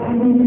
Thank you.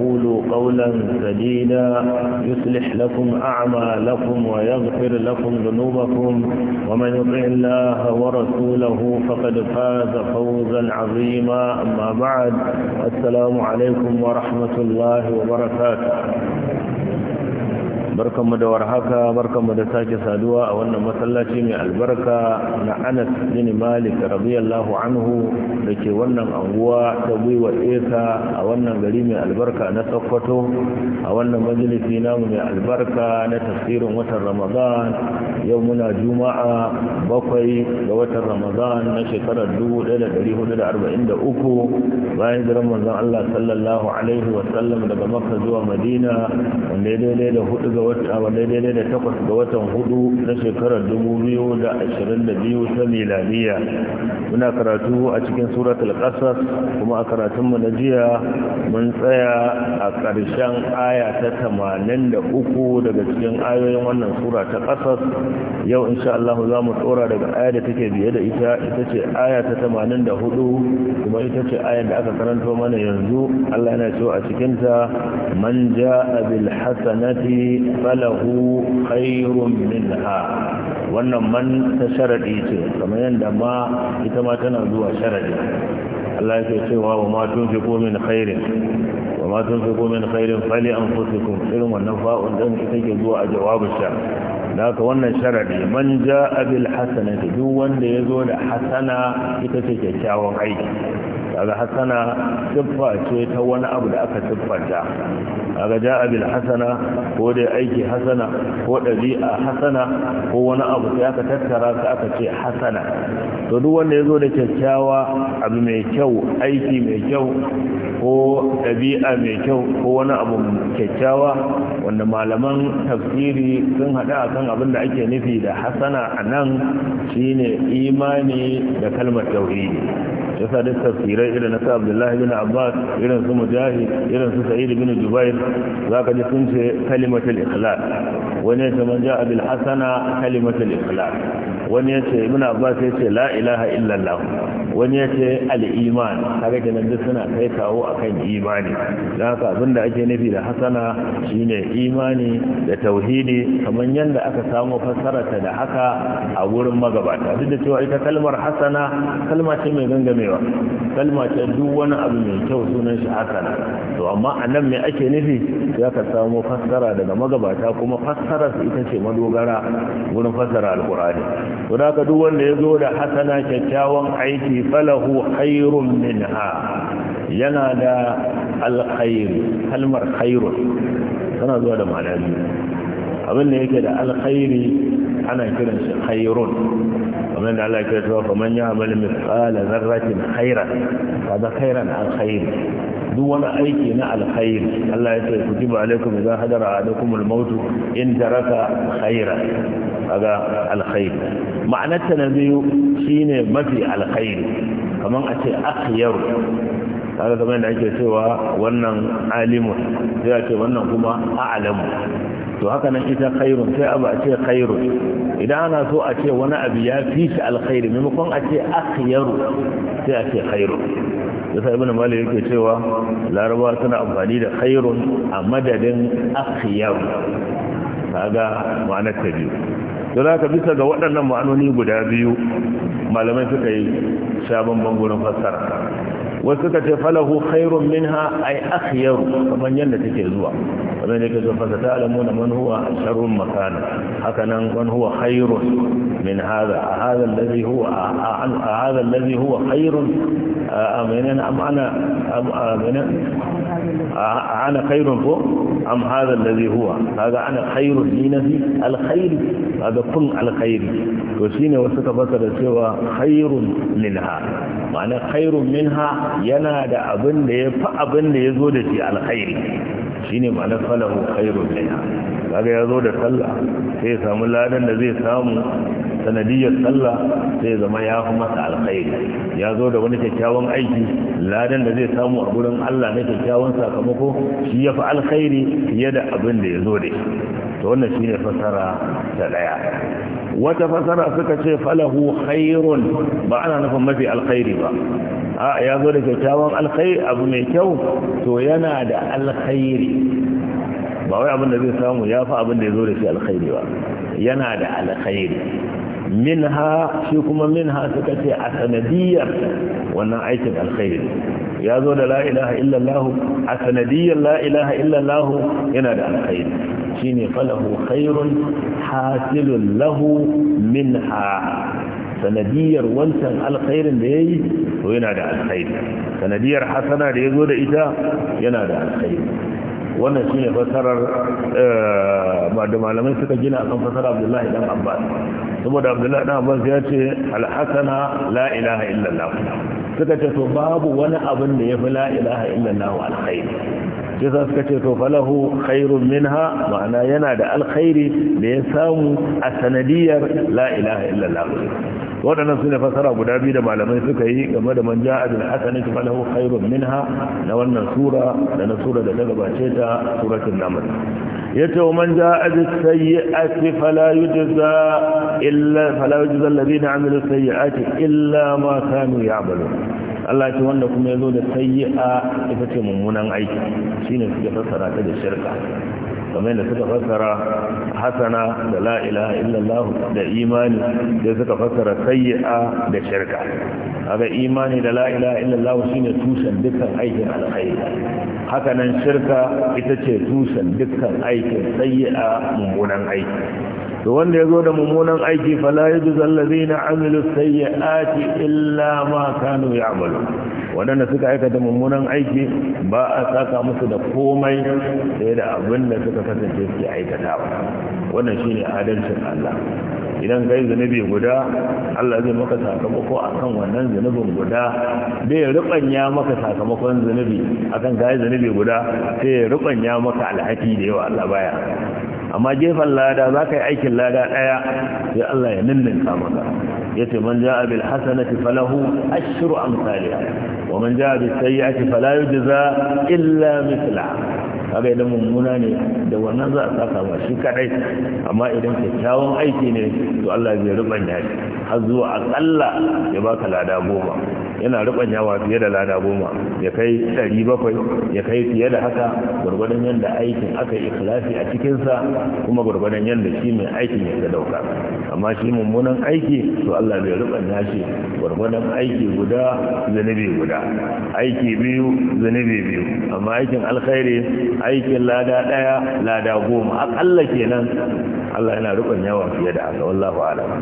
وقولوا قولا سديدا يصلح لكم أعمالكم ويغفر لكم ذنوبكم ومن يطع الله ورسوله فقد فاز فوزا عظيما أما بعد السلام عليكم ورحمة الله وبركاته mu da warhaka mu da sake saduwa a wannan masallaci mai albarka na anas bin malik radiyallahu anhu da ke wannan anguwa ta gwiwa eka a wannan gari mai albarka na sokoto a wannan majalisi namu mai albarka na tafsirin watan ramadan yau muna juma'a bakwai ga watan ramadan na shekarar 1443 bayan jiran manzon allah sallallahu alaihi sallam daga makka zuwa madina wanda daidai da hudu ga wata daidai da takwas ga watan hudu na shekarar dubu biyu da ashirin da biyu ta miladiya muna karatu a cikin suratul qasas kuma a karatunmu na jiya mun tsaya a ƙarshen aya ta tamanin da uku daga cikin ayoyin wannan sura ta qasas yau insha Allah za mu tsora daga aya da take biye da ita ita ce aya ta tamanin da hudu kuma ita ce aya da aka karanto mana yanzu Allah yana cewa a cikinta man ja'a bil hasanati falahu khairun minha wannan man ta sharadi ce kamar yanda ma ita ma tana zuwa sharadi Allah yake cewa wa ma tunfiqu min khairin wa ma tunfiqu min khairin fali anfusikum irin wannan fa'un din ita ke zuwa a jawabin sa naka haka wannan sharadi man ja'a bil hasanati duk wanda yazo da hasana ita ce kyakkyawan aiki kaga hasana siffa ce ta wani abu da aka siffanta kaga ja'a hasana ko dai aiki hasana ko ɗabi'a hasana ko wani abu sai aka tattara sai aka ce hasana to duk wanda zo da kyakkyawa abu mai kyau aiki mai kyau ko ɗabi'a mai kyau ko wani abu kyakkyawa wanda malaman tafsiri sun haɗu akan abin da ake nufi da hasana a nan shine imani da kalmar tauhidi yasa duk tafsirai irin na sa Abdullahi bin Abbas irin su Mujahid irin su Sa'id bin Jubair zaka ji sun ce kalimatul ikhlas wani ya ce man ja'a bil hasana kalimatul ikhlas wani ya ce Ibn Abbas ya ce la ilaha illa Allah wani ya ce al iman kaga kenan duk suna kai kawo akan imani dan haka abinda ake nufi da hasana shine imani da tauhidi kamar yanda aka samu ta da haka a wurin magabata duk da cewa ita kalmar hasana kalma ce mai gangamewa ganewa kalma ta duk wani abu mai kyau sunan shi haka to amma a nan mai ake nufi ya ka samo fassara daga magabata kuma fassara su ita ce madogara gurin fassara alkurani to da ka duk wanda ya zo da hasana kyakkyawan aiki falahu khairun minha yana da alkhairi kalmar khairun tana zuwa da ma'ana abin da yake da alkhairi ana kiran shi khairun kamar da Allah ya kira cewa man ya'mal mithqala dharratin khairan kaga khairan alkhair duk wani aiki na alhairi. Allah ya ce kutiba alaikum idza hadara ahadukum almaut in taraka khairan kaga alkhair ma'anar ta na biyu shine mafi alhairi. kamar a ce akhyar kaga kamar da ake cewa wannan alimun sai ce wannan kuma a'lamu to haka nan ita khairun sai abu a ce khairun idan ana so a ce wani abu ya fi shi alkhairi maimakon a ce akhyaru sai a ce khairun yasa ibn malik yake cewa laraba suna amfani da khairun a madadin akhyaru kaga ma'anar ta biyu don haka bisa ga waɗannan ma'anoni guda biyu malamai suka yi sabon bamban fassara وسكة فله خير منها أي أخير ومن جنة كذوا ومن يكذوا فستعلمون من هو أشر مكانا حكنا من هو خير من هذا هذا الذي هو هذا الذي هو خير أمينا أم أنا أم أمينا ana khairun ko am hadha alladhi huwa kaga ana khairun ni nabi alkhairi kaga kun alkhairi to shine wasu ka fasara cewa khairun minha ma'ana khairun minha yana da abin da ya abin da ya zo da shi alkhairi shine ma'ana falahu khairun minha kaga ya zo da sallah sai ya samu ladan da zai samu sanadiyar sallah sai zama ya fi masa alkhairi ya zo da wani kyakkyawan aiki ladan da zai samu a gurin Allah na kyakkyawan sakamako shi ya fi alkhairi fiye da abin da ya zo da shi to wannan shine fasara ta daya wata fasara suka ce falahu khairun ba ana nufin mafi alkhairi ba ya zo da kyakkyawan alkhairi abu mai kyau to yana da alkhairi ba wai abin da zai samu ya fi abin da ya zo da shi alkhairi ba yana da alkhairi ha shi kuma ha suka ce a sanadiyar wannan aikin alkhairi ya zo da la ilaha a sanadiyar la ilaha yana da alkhairi shine falahu khairun hasilun lahu ha sanadiyar wancan alkhairin da ya yi to yana da alkhairi sanadiyar hasana da ya zo da ita yana da alkhairi wannan shine fasarar eh, da malamai suka gina akan fasarar abdullahi dan abbas saboda abdullahi dan abbas ya ce alhasana la ilaha illallah suka ce to babu wani abin da ya fi la ilaha illallah alkhairi yasa suka ce to falahu khairun minha ma'ana yana da alkhairi da ya samu a sanadiyar la ilaha illallah waɗannan su ne fasara guda biyu da malamai suka yi game da manja abin hasani ta falahu khairun minha na wannan sura da na sura da ta gabace ta suratul naml yace wa manja abin sayyi'ati fala yujza illa fala yujza alladhina amilu illa ma kanu ya'malun Allah ce wanda kuma ya zo da sayyi'a ita ce mummunan aiki shine suka fassara ta da shirka kamar da suka fassara hasana da la ilaha illallah da imani da suka fassara sayyi'a da shirka kaga imani da la ilaha illallah shine tushen dukkan aikin alkhairi haka nan shirka ita ce tushen dukkan aikin sayyi'a mummunan aiki to wanda ya zo da mummunan aiki fala Aminu, allazina amilu sayyi'ati illa ma kanu ya'malu wadanda suka aikata mummunan aiki ba a saka musu da komai sai da abinda suka kasance su aikata wannan shine adalcin Allah idan kai zunubi guda Allah zai maka sakamako akan wannan zunubin guda bai rubanya maka sakamakon a akan kai zunubi guda sai ya rubanya maka alhaki da yawa Allah baya amma gefen lada za ka yi aikin lada ɗaya sai Allah ya ninninka maka ya ce man ja'a bil hasanati falahu ashru amsalha wa man ja'a bis sayyi'ati fala yujza illa mithla kaga idan mummuna ne da wannan za a saka ma shi kadai amma idan kyakkyawan aiki ne to Allah zai ruban shi har zuwa akalla ya baka lada goma yana yawa fiye da lada goma ya kai ɗari bakwai ya kai fiye da haka gwargwadon yadda aikin aka yi ikhlasi a cikinsa kuma gwargwadon yadda shi mai aikin ya dauka amma shi mummunan aiki to Allah bai rubanya shi gwargwadon aiki guda zunubi guda aiki biyu zunubi biyu amma aikin alkhairi aikin lada ɗaya lada goma akalla kenan Allah yana rubanya yawa fiye da haka wallahu a'lam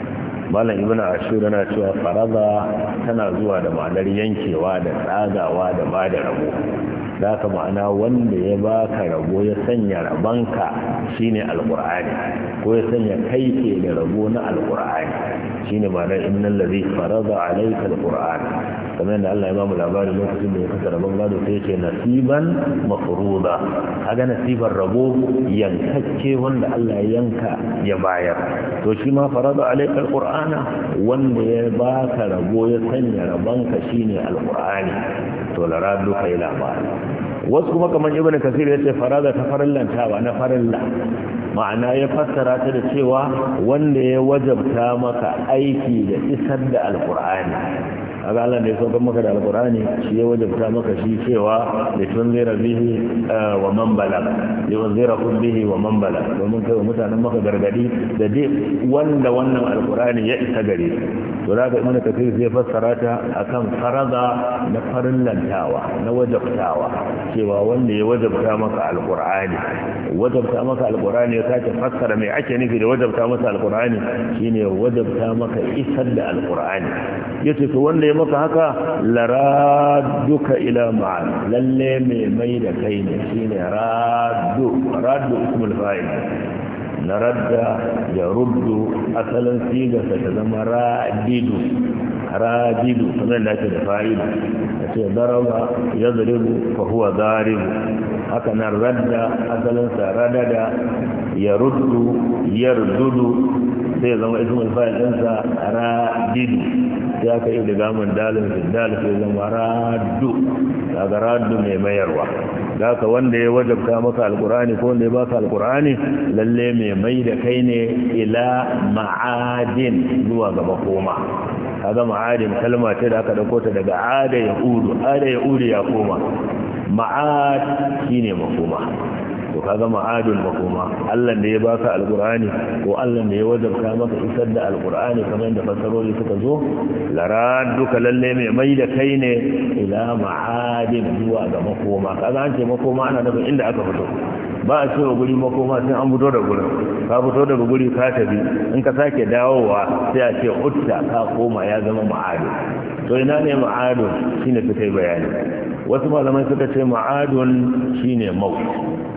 malam ibn ashur yana cewa faraza tana zuwa da ma'anar yankewa da tsagawa da ba da rabo da haka ma'ana wanda ya baka rabo ya sanya rabanka shine alqur'ani ko ya sanya kai ke da rabo na alqur'ani shine ma'ana innal ladhi farada alayka alqur'an kamar da Allah ya ba mu labarin lokacin da ya kasa rabon gado sai yake nasiban mafruda kaga nasiban rabo yankakke wanda Allah ya yanka ya bayar to shi ma farada alayka alqur'ana wanda ya baka rabo ya sanya rabanka shine alkur'ani Tolara laradu yi labari wasu kuma kamar ibn kasir ya ce faraza ta lantawa na farilla ma'ana ya fassara ta da cewa wanda ya wajabta maka aiki da isar da alkur'ani kaga Allah ne saukar maka da Alƙur'ani shi ya wajabta maka shi cewa da tunzira eh, bihi wa man balaga ya wanzira kun bihi wa man balaga domin kai wa mutanen maka gargadi da dai wanda wannan Alƙur'ani ya isa gare to za ka zaka imana kafir zai fassara ta a kan faraza na farin lantawa na wajabtawa cewa wanda ya wajabta maka Alƙur'ani. wajabta maka Alƙur'ani ya sake fassara mai ake nufi da wajabta masa Alƙur'ani shine wajabta maka isar da alqur'ani yace to wanda ya maka haka laraduka ila ma'an lalle mai mai da kai ne shine raddu raddu ismul fa'il na ya ruddu asalin sigarsa ta zama radidu radidu kamar da ake da fa'ida a ce daraba ya zaribu fa huwa zaribu haka nan radda asalinsa radada ya ruddu ya rududu sai zama ismul fayil ɗinsa radidu ya ka yi da gamun dalin fiddal sai zama radu daga radu mai mayarwa da ka wanda ya wajabta maka alkurani ko wanda ya baka alkurani lalle mai mai da kai ne ila ma'adin zuwa ga makoma kaga ma'adin kalma ce da aka dauko ta daga ada ya udu ada ya udu ya koma ma'ad shine makoma to kaga ma'adul makoma Allah da ya baka alqur'ani ko Allah da ya wajabta maka isar da alqur'ani kamar yadda fasaroli suka zo laraduka lalle mai mai da kai ne ila ma'adin zuwa ga makoma kaga an ce makoma ana nufin inda aka fito ba a cewa guri makoma sai an fito da gurin ka fito daga guri ka tafi in ka sake dawowa sai a ce utta ka koma ya zama ma'adun to ina ne ma'adun shine suka bayani wasu malamai suka ce ma'adun shine maut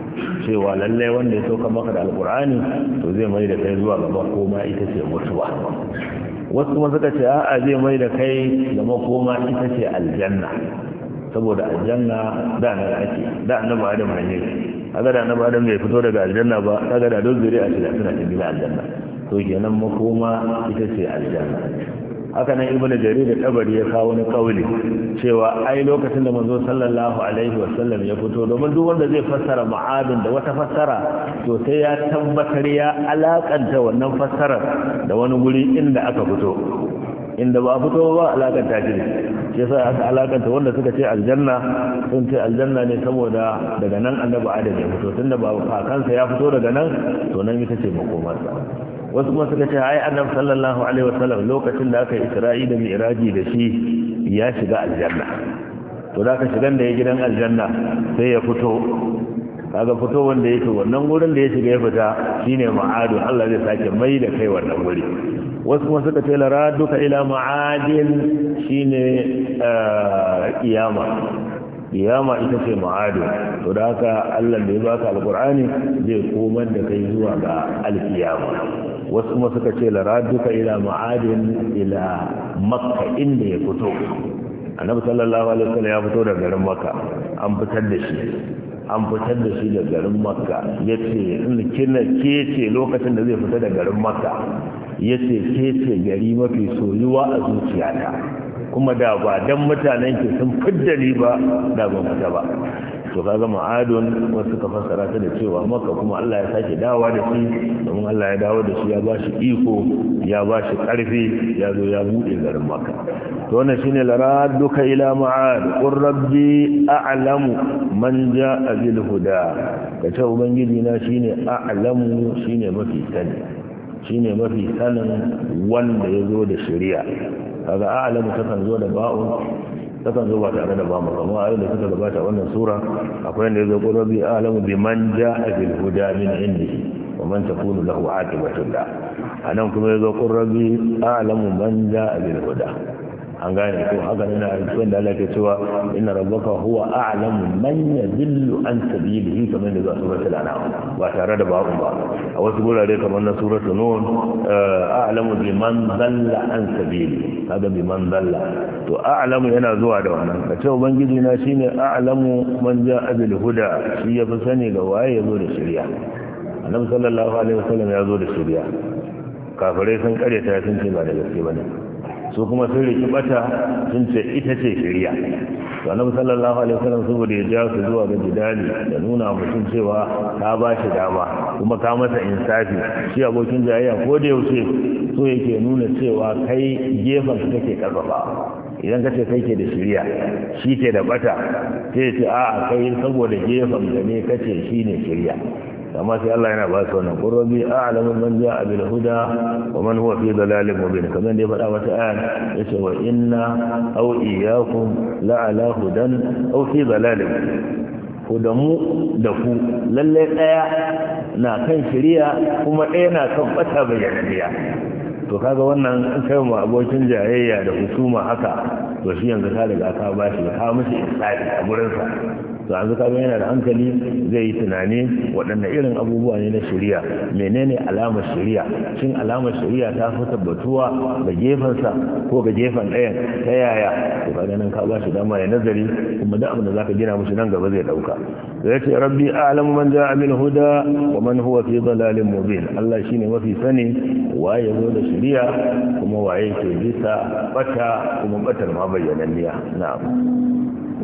cewa lallai wanda ya sauka maka da alkur'ani to zai mai da kai zuwa gaba koma ita ce mutuwa wasu kuma suka ce a'a zai mai da kai gaba koma ita ce aljanna saboda aljanna da nan ake da na da mai ne kaga da ba adam bai fito daga aljanna ba kaga da duk a ce da suna cikin aljanna to kenan makoma ita ce aljanna haka nan ibn jarir da tabari ya kawo wani kauli cewa ai lokacin da manzo sallallahu alaihi wasallam ya fito domin duk wanda zai fassara ma'adin da wata fassara to sai ya tabbatar ya alakanta wannan fassarar da wani guri inda aka fito inda ba fito ba alakanta shi shi yasa aka alakanta wanda suka ce aljanna sun ce aljanna ne saboda daga nan annabi adam ya fito tunda ba kakansa ya fito daga nan to nan ita ce makomarsa wasu kuma suka ce ai annabi sallallahu alaihi wasallam lokacin da aka isra'i da mi'raji da shi ya shiga aljanna to da ka shigan da ya gidan aljanna sai ya fito kaga fito wanda yake wannan gurin da ya shiga ya fita shine ma'adu Allah zai sake mai da kai wannan guri wasu kuma suka ce la raduka ila ma'adin shine eh, kiyama kiyama ita ce ma'adu to da haka Allah da ya baka alqur'ani zai komar da kai zuwa ga alkiyama wasu kuma suka ce laraduka ila ma'adin ila makka inda ya fito annabi sallallahu alaihi wasallam ya fito daga garin makka an fitar da shi an fitar da shi daga garin makka ya ce kina ke ce lokacin da zai fita daga garin makka ya ce ke ce gari mafi soyuwa a zuciyata kuma da ba dan mutanen ki sun fidda ni ba da ban fita ba to gama adon wasu ka fassara ta da cewa maka kuma Allah ya sake dawa da shi domin Allah ya dawo da shi ya bashi iko ya bashi karfi ya zo ya bude garin maka to wannan shine laraduka ila ma'ad qur rabbi a'lamu man ja'a bil huda kace ubangiji na shine a'lamu shine mafi sani shine mafi sanin wanda ya zo da shari'a kaga a'lamu kan zo da ba'un takan zo ba tare da bamu amma ayoyin da suka gabata wannan sura akwai wanda ya zo qul rabbi a'lamu biman ja'a bil huda min indi wa man takunu lahu aqibatul da anan kuma ya zo qul rabbi a'lamu man ja'a bil huda an gane ko haka ina rantsuwan da Allah ke cewa inna rabbaka huwa a'lamu man yadillu an sabilihi kamar da zuwa suratul anam ba tare da babu ba a wasu gurare kamar na suratul nun eh, a'lamu liman dalla an sabili kaga biman dalla to a'lamu yana zuwa da wannan ka ce ubangiji na shine a'lamu man ja'a bil huda shi ya fi sani ga waye ya zo da shirya annabi sallallahu alaihi wasallam ya zo da shirya kafirai sun karyata sun ce ba da gaske bane su kuma sun riki bata sun ce ita ce shari'a to annabi sallallahu alaihi wasallam saboda ya ja su zuwa ga jidali da nuna mutum cewa ka ba shi dama kuma ka masa insafi shi abokin jayayya ko da yaushe so yake nuna cewa kai gefen kake karfafa idan ka ce kai ke da shirya shi ke da bata sai ce a'a kai saboda gefen da ne kace shine ne shirya amma sai Allah yana ba su wannan qurbi a'lamu man ja'a bil huda wa man huwa fi dalalin mubin kamar da ya faɗa wata ayar yace wa inna aw iyyakum la'ala hudan aw fi dalalin ku da mu da ku lalle ɗaya na kan shiriya kuma ɗaya na kan ɓata bayyananiya to kaga wannan in kai mu abokin jayayya da husuma haka to shi yanzu ka riga ka bashi ka mishi insani a gurinsa to yanzu kaga yana da hankali zai yi tunani waɗanne irin abubuwa ne na shari'a menene alamar shari'a shin alamar shari'a ta fi tabbatuwa ga gefensa ko ga gefen ɗayan ta yaya to kaga nan ka ba shi dama ya nazari kuma duk abin da zaka gina mushi nan gaba zai ɗauka zai ce rabbi a'lamu man ja'a min huda wa man huwa fi dalalin mubin Allah shine mafi sani waye zo da shari'a kuma waye ke bisa bata kuma batar ma bayyananniya na'am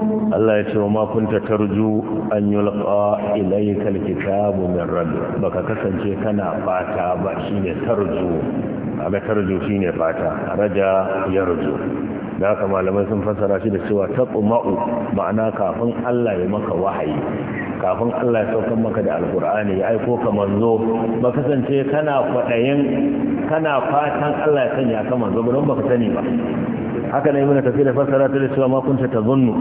Allah ya ce wa ma kunta tarju an yulqa ilayka mai min ba baka kasance kana fata ba shine tarju ga tarju shine fata raja rujo da haka malamai sun fassara shi da cewa ta tsuma'u ma'ana kafin Allah ya maka wahayi kafin Allah ya saukan maka da alkur'ani ya aiko ka manzo ba kasance kana kwaɗayin kana fatan Allah ya sanya ka manzo ba don ba ka sani ba haka ne muna tafi da fassara ta dacewa cewa ma kunta ta zunnu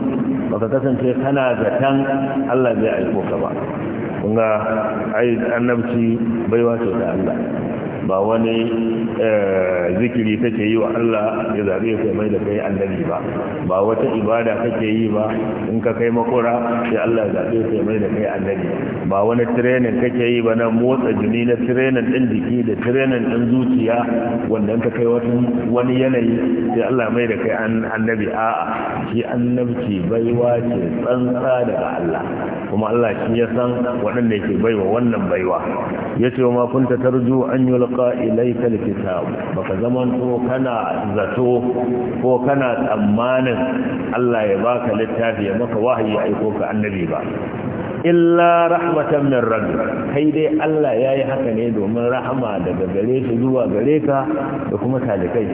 baka kasance kana zaton Allah zai aiko ka ba kun ga ai annabci baiwa ce da Allah ba wani eh, zikiri kake yi wa Allah ya zabe kai mai da kai annabi ba ba wata ibada kake yi ba in ka kai makura sai Allah ya zabe kai mai da kai annabi ba wani training kake yi ba na motsa jini na training din jiki da training din zuciya wanda in ka kai wani yanayi sai Allah mai da kai annabi a'a shi annabci baiwa ce tsantsa daga Allah kuma Allah shi ya san waɗanda ke baiwa wannan baiwa yace ma kunta tarju an yul yulqa ilayka alkitab baka zaman to kana zato ko kana tsammanin Allah ya baka littafi ya maka wahayi ya aiko ka annabi ba illa rahmatan min rabbi kai dai Allah yayi haka ne domin rahama daga gare shi zuwa gare ka da kuma talikai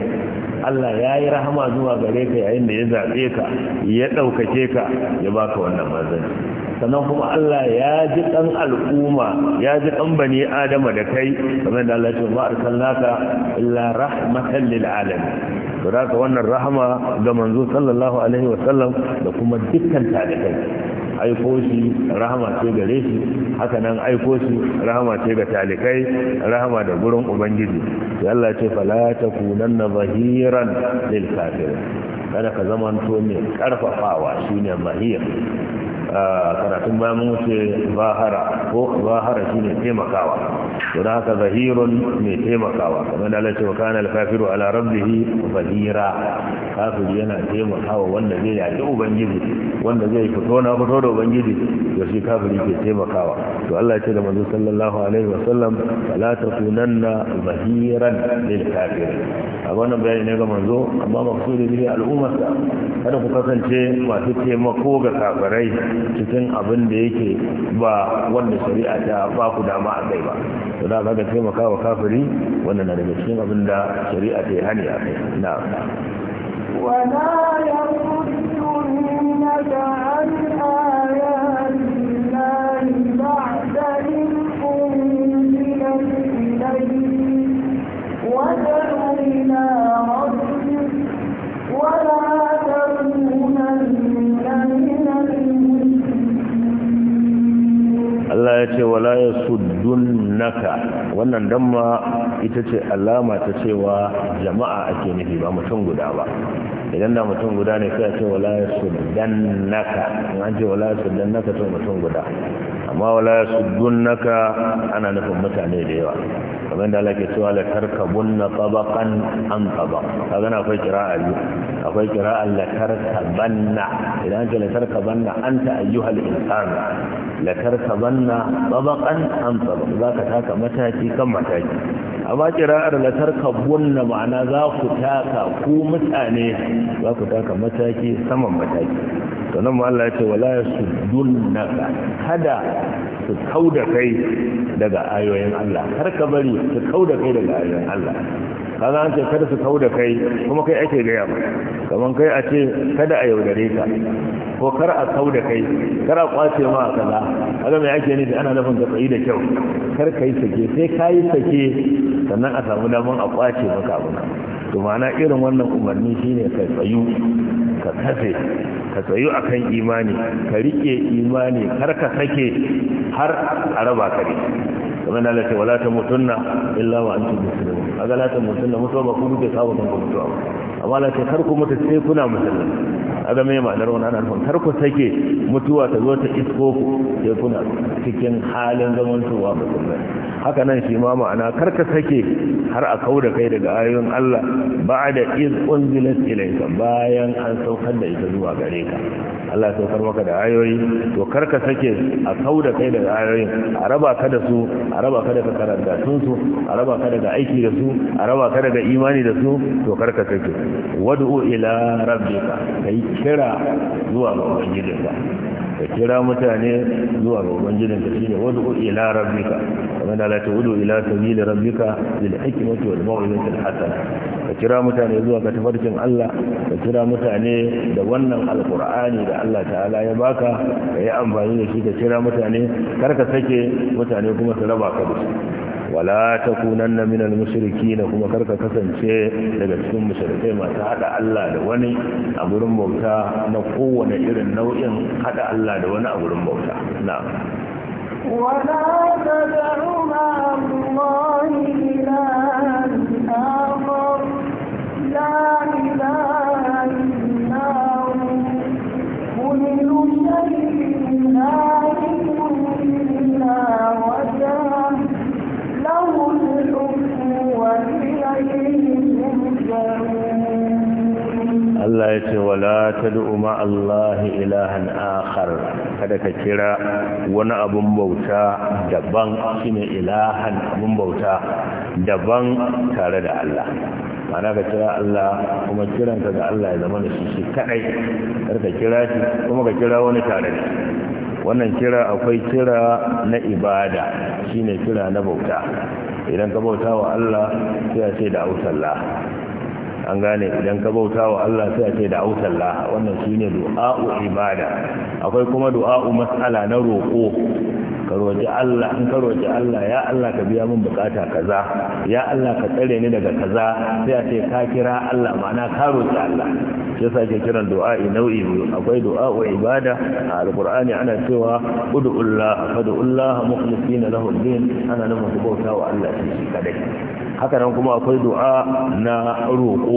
Allah yayi rahama zuwa gare ka yayin da ya zabe ka ya daukake ka ya baka wannan manzanci sannan kuma Allah ya ji dan al'umma ya ji dan bani adama da kai kamar da Allah ya ce ma arsalnaka illa rahmatan lil alamin to ka wannan rahama ga manzo sallallahu alaihi sallam, da kuma dukkan talikai aiko shi rahama ce gare shi haka nan aiko shi rahama ce ga talikai rahama da gurin ubangiji ya Allah ce fala takunanna zahiran lil kafirin kada ka zamanto mai karfafawa shine mahiyar karatun bayan mun wuce zahara ko zahara shine taimakawa to da haka zahirun mai taimakawa kamar da Allah ce wa kana al-kafiru ala rabbihi zahira kafiri yana taimakawa wanda zai yaƙi ubangiji wanda zai fito na fito da ubangiji da kafiri ke taimakawa to Allah ya ce da manzo sallallahu alaihi wa sallam la takunanna zahiran lil kafir a wannan bayani ne ga manzo amma maksudi ne al'ummar kada ku kasance masu taimako ga kafirai cikin abin da yake ba wanda shari'a ta ba ku dama a kai ba to da kaga taimakawa kafiri wannan na daga cikin abin da shari'a ta hani a kai na ولا يردنك عن آية Allah ya ce wala ya naka wannan damma ita ce alama ta cewa jama'a ake nufi ba mutum guda ba idan da mutum guda ne sai a ce wala ya su dan naka in an ce wala ya su dan naka to mutum guda amma wala ya su dun naka ana nufin mutane da yawa kamar da Allah ke cewa la tarkabunna tabaqan an tabaq kaga na akwai qira'a biyu akwai qira'a la tarkabanna idan an ce la tarkabanna anta ayyuhal insan la tarkabanna tabaqan an tabaq zaka taka mataki kan mataki amma qira'ar la tarkabunna ma'ana za ku taka ku mutane za ku taka mataki saman mataki to nan ma Allah ya ce wala kada su kauda kai daga ayoyin Allah kar ka bari su kauda kai daga ayoyin Allah kaza an ce kada su kauda kai kuma kai ake gaya ba kaman kai a ce kada a yaudare ka ko kar a kauda kai kar a kwace ma kaza kaga mai ake nufi ana nufin ka tsayi da kyau kar kai sake sai kai sake sannan a samu daman a kwace maka abin to ma'ana irin wannan umarni shine ka tsayu ka kafe ka tsayu akan imani ka rike imani har ka sake har a raba ka ne kamar da ce wala ta mutunna illa wa antum muslimun kaga la ta mutunna mutuwa ba ku kuke sawa kan ku mutuwa amma la ce kar ku mutu sai kuna musulmi adam ya ma'anar wani ana nufin ku sake mutuwa ta zo ta isko ku sai kuna cikin halin zamantowa musulmai haka nan shi ma ma'ana kar ka sake har a kau da kai daga ayoyin Allah ba da iz unzilat ilayka bayan an saukar da ita zuwa gare ka Allah ya saukar maka da ayoyi to kar ka sake a kau da kai daga ayoyin a raba ka da su a raba ka daga karanta sun su a raba ka daga aiki da su a raba ka daga imani da su to kar ka sake wad'u ila rabbika kai kira zuwa ga ubangijin ka kira mutane zuwa ga shi ne shine wadu ila rabbika kamar da ta wudu ila sabili rabbika lil hikmati wal maw'izati al hasana ka kira mutane zuwa ga tafarkin Allah ka kira mutane da wannan alqur'ani da Allah ta'ala ya baka ka yi amfani da shi ka kira mutane karka sake mutane kuma su raba ka da wala ta takunanna minal na kuma karka kasance daga cikin musulki masu haɗa Allah da wani a gurin bauta na kowane irin nau'in haɗa Allah da wani a gurin bauta na. wala ta zaru ma ilahan akhar Allah ya ce wala ta du'uma Allah ilahan akhar kada ka kira wani abun bauta daban shine ilahan abun bauta daban tare da Allah ma'ana ka kira Allah kuma kiran ka ga Allah ya zama da shi shi kadai kada ka kira shi kuma ka kira wani tare da wannan kira akwai kira na ibada shine kira na bauta idan ka bauta wa Allah sai ya ce da autallah an gane idan ka bauta wa Allah sai a ce da ausalla wannan ne du'a'u ibada akwai kuma du'a'u mas'ala na roƙo ka roƙi Allah in ka roƙi Allah ya Allah ka biya min bukata kaza ya Allah ka tsare ni daga kaza sai a ce ka kira Allah ma'ana ka roƙi Allah ya ake kiran du'a'i nau'i biyu akwai du'a'u ibada a alqur'ani ana cewa ud'ullah fad'ullah mukhlisina lahu din ana nufin bauta wa Allah shi kadai haka nan kuma akwai du'a na roƙo roƙo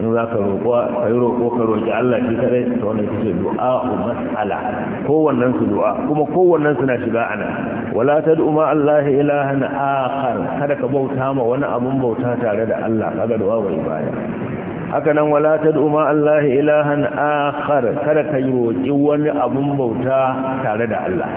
in za ka roƙo ka yi roƙo ka roƙi Allah shi kadai ta wannan ita ce du'a mas'ala kowannen su du'a kuma kowannen su na shiga ana wala ta ma Allah ilahan akhar kada ka bauta ma wani abun bauta tare da Allah kaga du'a bai baya haka nan wala Allah ilahan akhar kada ka yi roƙi wani abun bauta tare da Allah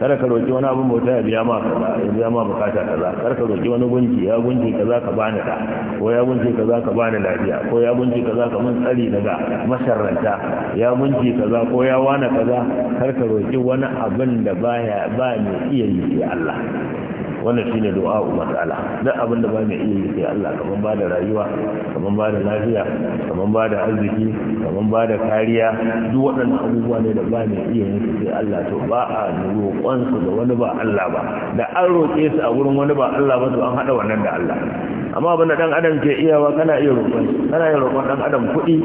kada ka roki wani abin bauta ya biya ma kaza ya biya ma bukata kaza kada ka roki wani gunki ya gunki kaza ka bani da ko ya gunki kaza ka bani lafiya ko ya gunki kaza ka mun tsari daga masarranta ya gunki kaza ko ya wani kaza kada ka roki wani abin da baya ba mai iya yi Allah wannan shine du'a mas'ala duk abinda ba mai iya sai Allah kaman ba da rayuwa kaman ba da lafiya kaman ba da arziki kaman ba da kariya duk waɗannan abubuwa ne da ba mai iya sai Allah to ba a roƙon su da wani ba Allah ba da an roƙe su a wurin wani ba Allah ba to an haɗa wannan da Allah amma abinda ɗan adam ke iyawa kana iya roƙon kana iya roƙon ɗan adam kuɗi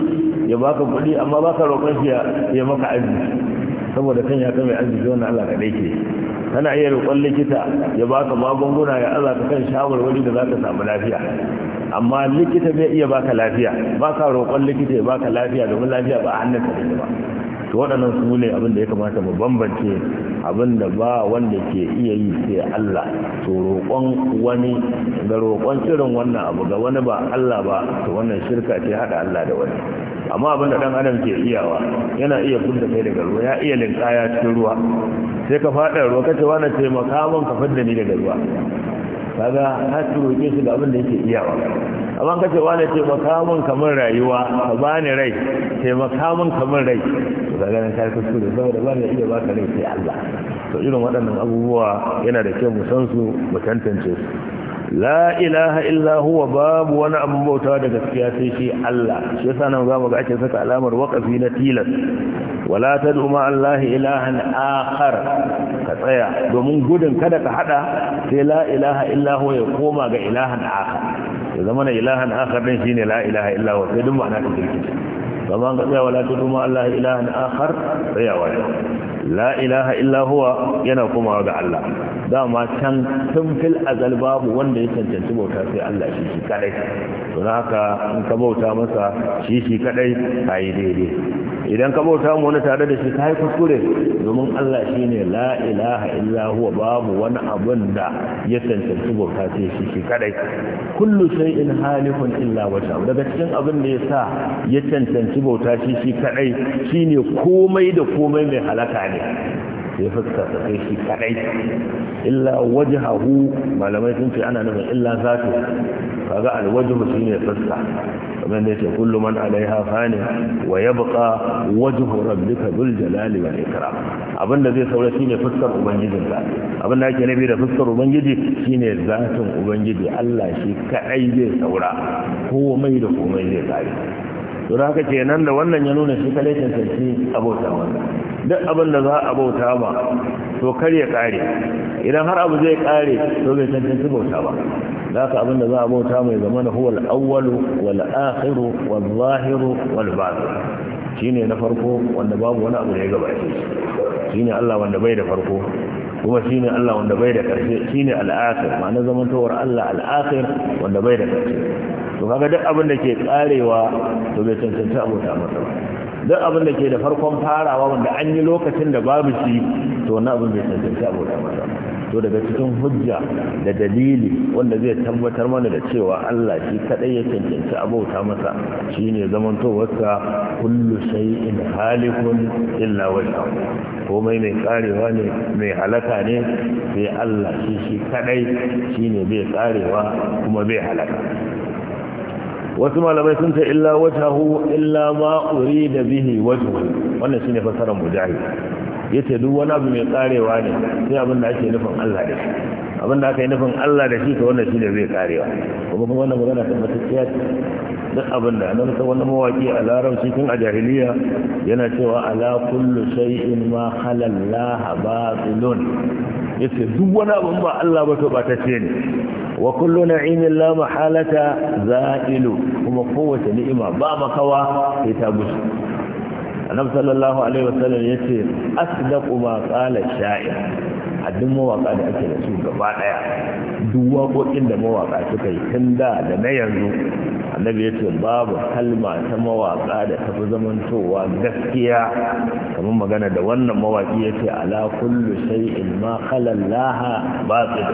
ya baka kuɗi amma baka roƙon shi ya maka arziki saboda kan ya kame arziki wannan Allah kaɗai ke kana iya roƙon likita ya baka magunguna ya aza ka kan shawarwari da za ka samu lafiya amma likita bai iya baka lafiya baka roƙon likita ya baka lafiya domin lafiya ba a hannun ne ba to waɗannan su ne abin da ya kamata mu bambance abin da ba wanda ke iya yi sai Allah to roƙon wani ga roƙon irin wannan abu ga wani ba Allah ba to wannan shirka ce hada Allah da wani amma abin da dan adam ke iyawa yana iya kunta kai daga ruwa ya iya linkaya cikin ruwa sai ka faɗa ruwa kace wani taimaka makaman ka fadda ni daga ruwa kaga ka ke shi da abin da yake iyawa amma ka ce wani ce makamun kamar rayuwa ka bani rai ce makamun kamar rai to kaga nan kai kuskure saboda ba ni iya baka rai sai Allah to irin waɗannan abubuwa yana da kyau mu san su mu tantance su la ilaha illa huwa babu wani abin bauta da gaskiya sai shi Allah shi yasa nan zamu ga ake saka alamar waqafi na tilas wala tad'u ma Allah ilahan akhar ka tsaya domin gudun kada ka hada sai la ilaha illa huwa ya koma ga ilahan akhar ya zama na ilahan akhar din shine la ilaha illa huwa sai duk ma'ana ta kirki kamar ga tsaya wala tad'u ma Allah ilahan akhar tsayawa la ilaha illa yana komawa ga Allah dama can tun fil azal babu wanda ya cancanci bauta sai Allah shi shi kadai to haka in ka bauta masa shi shi kadai yi daidai idan ka bauta mu wani tare da shi ka haifu kure, domin Allah shine la ilaha illa babu wani abun da ya tantance bauta ce shi shi kadai kullu in halifun illa wata daga cikin abin da ya sa ya tantance bauta shi shi kadai shine komai da komai mai halaka ne sai fuska ta kai shi kadai illa wajhahu malamai sun ce ana nufin illa zatu kaga alwajhu shine fuska kamar da yake kullu man alaiha fani wa yabqa wajhu rabbika dhul jalali wal ikram abinda zai saura shine fuskar abin da ake nabi da fuskar ubangiji shine zatin ubangiji Allah shi kadai zai saura komai da komai zai kare to da haka ce nan da wannan ya nuna shi kare cancanci abota ba duk abin da za a bauta ba to kar ya kare idan har abu zai kare to bai cancanci bauta ba da ka abin da za a bauta mai zama na huwal awwalu wal akhiru wal zahiru wal batin shine na farko wanda babu wani abu da ya gabace shi shine Allah wanda bai da farko kuma shi ne Allah wanda bai da ƙarshe shi ne al'asir ma'ana zamantowar Allah al'asir wanda bai da ƙarshe to kaga duk abin da ke karewa to bai cancanci abota masa ba duk abin da ke da farkon farawa wanda an yi lokacin da babu shi to wannan abin bai cancanci abota masa ba to daga cikin hujja da dalili wanda zai tabbatar mana da cewa Allah shi kadai ya cancanci abauta masa shine zamantowarsa kullu shay'in halikun illa wajha komai mai karewa ne mai halaka ne sai Allah shi shi kadai shine bai karewa kuma bai halaka wasu malamai sun ce illa wajhahu illa ma urida bihi wajhu wannan shine fasarar mujahid ya ce duk wani abu mai karewa ne sai abin da ake nufin Allah da shi abin da aka yi nufin Allah da shi to wannan shi ne zai karewa kuma kuma wannan magana tabbatacciya ce duk abin da nan san wani mawaki a larabci tun a jahiliya yana cewa ala kullu shay'in ma halallaha batilun yace duk wani abu ba Allah ba to ba ta ce ne wa kullu na'imin la mahalata za'ilu kuma kowace ni'ima ba makawa sai ta gushi annabi sallallahu alaihi wasallam yace asdaqu ma qala sha'ir haddin mawaka da ake da su gaba daya duk waƙoƙin da mawaka suka yi tun da da na yanzu annabi yace babu kalma ta mawaka da tafi zamantowa gaskiya kamar magana da wannan mawaki yace ala kullu shay'in ma khalallaha batil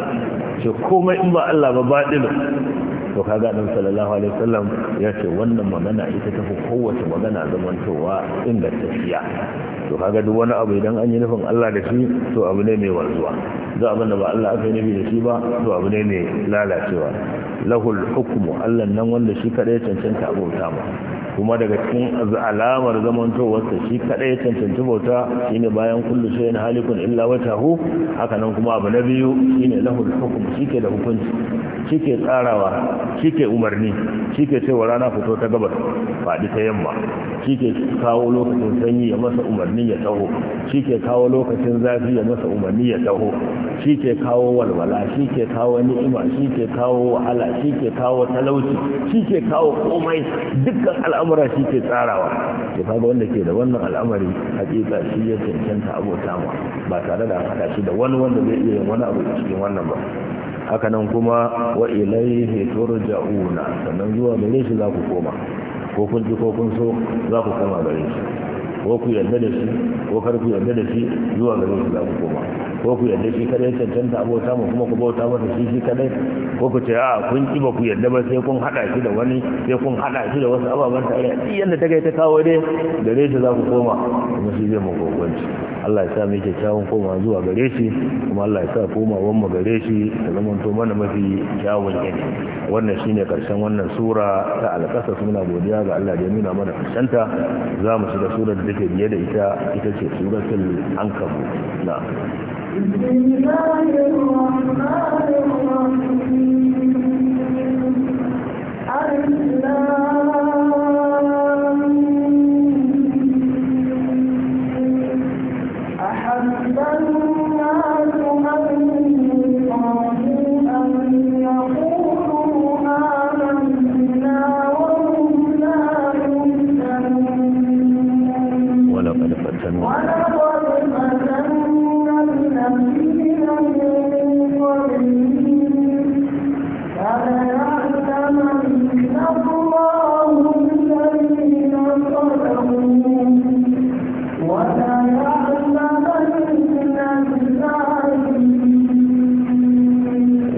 ce komai in ba Allah ba batil to kaga dan sallallahu alaihi wasallam ya ce wannan magana ita ta fi kowace magana zamantowa inda fiya to kaga duk wani abu idan an yi nufin Allah da shi to abu ne mai wanzuwa za abin da ba Allah aka yi nufi da shi ba to abu ne mai lalacewa lahul hukmu Allah nan wanda shi kadai cancanta abauta mu kuma daga cikin alamar zamantowarsa shi kadai cancanci bauta shine bayan kullu na halikun illa wata haka nan kuma abu na biyu shine lahul hukm shi ke da hukunci kike tsarawa kike umarni kike cewa rana fito ta gabas faɗi ta yamma kike kawo lokacin sanyi ya masa umarni ya taho kike kawo lokacin zafi ya masa umarni ya taho kike kawo walwala kike kawo ni'ima kike kawo wahala kike kawo talauci kike kawo komai dukkan al'amura kike tsarawa ya kaga wanda ke da wannan al'amari hakika shi ya cancanta abota ba tare da haɗa shi da wani wanda zai iya wani abu cikin wannan ba haka nan kuma wa ilaihi turja'una sannan zuwa gare shi za ku koma ko kun ji ko kun so za ku koma gare shi ko ku yarda da shi ko kar ku yarda da shi zuwa gare shi za ku koma ko ku yarda shi kadai cancanta abota mu kuma ku bauta masa shi shi kadai ko ku ce a kun ki ba ku yarda ba sai kun hada shi da wani sai kun hada shi da wasu ababen tarayya yadda ta kai ta kawo dai gare shi za ku koma kuma shi zai mu gogonci Allah ya sa mu kyawun koma zuwa gare shi kuma Allah ya sa komawan mu gare shi ta zama to mana mafi kyawun gani wannan shine karshen wannan sura ta alƙasar muna godiya ga Allah da ya nuna mana karshen ta za mu shiga surar da take biye da ita ita ce suratul ankabut na ولقد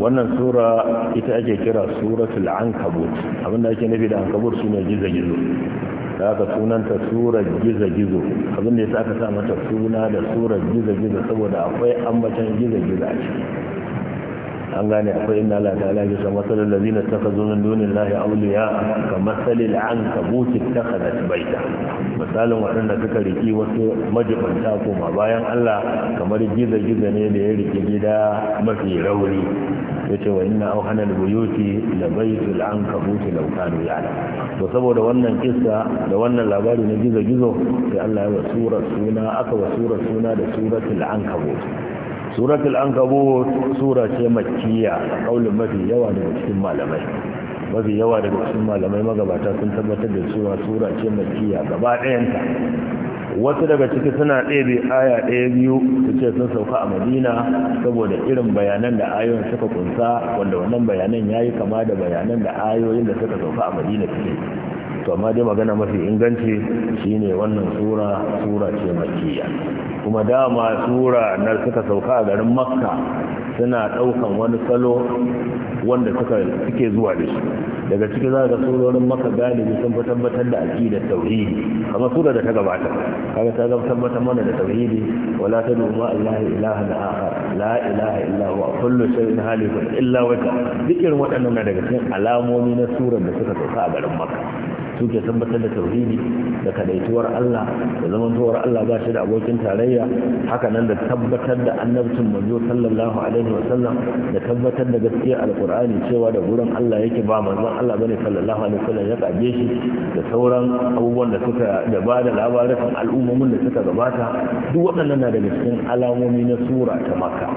wannan sura ita ake kira suratul ankabut abinda ake nufi da ankabut sune gizo-gizo ta aka sunanta surar gizo-gizo abin da ya sa aka sa mata suna da surar gizo-gizo saboda akwai ambatan gizo-gizo a ciki an gane akwai inna Allah ta'ala ya san masalan ladina takhazu min dunillahi awliya ka masalil ankabut takhadat baita misalin waɗanda suka riki wasu majibanta koma bayan Allah kamar giza-giza ne da ya riki gida mafi rauri yace wa inna auhana albuyuti la baytul ankabut law kanu ya'lam to saboda wannan kissa da wannan labari na gizo-gizo sai Allah ya wasura suna aka wasura suna da suratul ankabut suratul ankabut sura ce makkiya kaulin mafi yawa daga cikin malamai mafi yawa daga cikin malamai magabata sun tabbatar da cewa sura ce makkiya gaba ɗayanta wasu daga ciki suna ɗebe aya ɗaya biyu su ce sun sauka a madina saboda irin bayanan da ayoyin suka kunsa wanda wannan bayanan ya yi kama da bayanan da ayoyin da suka sauka a madina suke to amma dai magana mafi inganci shine wannan sura sura ce makkiya kuma dama sura na suka sauka a garin makka suna daukan wani salo wanda suka suke zuwa da shi daga ciki za ga surorin maka galibi sun fi tabbatar da da tauhidi kamar sura da ta gabata kaga ta ga tabbatar mana da tauhidi wala tad'u ma allahi da aka la ilaha illa huwa kullu shay'in halikun illa ka dukkan waɗannan na daga cikin alamomi na surar da suka sauka a garin maka. su ke tabbatar da tauhidi da kadaituwar Allah da zamantowar Allah ba shi da abokin tarayya haka nan da tabbatar da annabcin manzo sallallahu alaihi wa sallam da tabbatar da gaskiyar al'kur'ani cewa da gurin Allah yake ba manzon Allah bane sallallahu alaihi wa sallam ya kaje shi da sauran abubuwan da suka da ba da labarin al'ummomin da suka gabata duk waɗannan na daga cikin alamomi na sura ta makka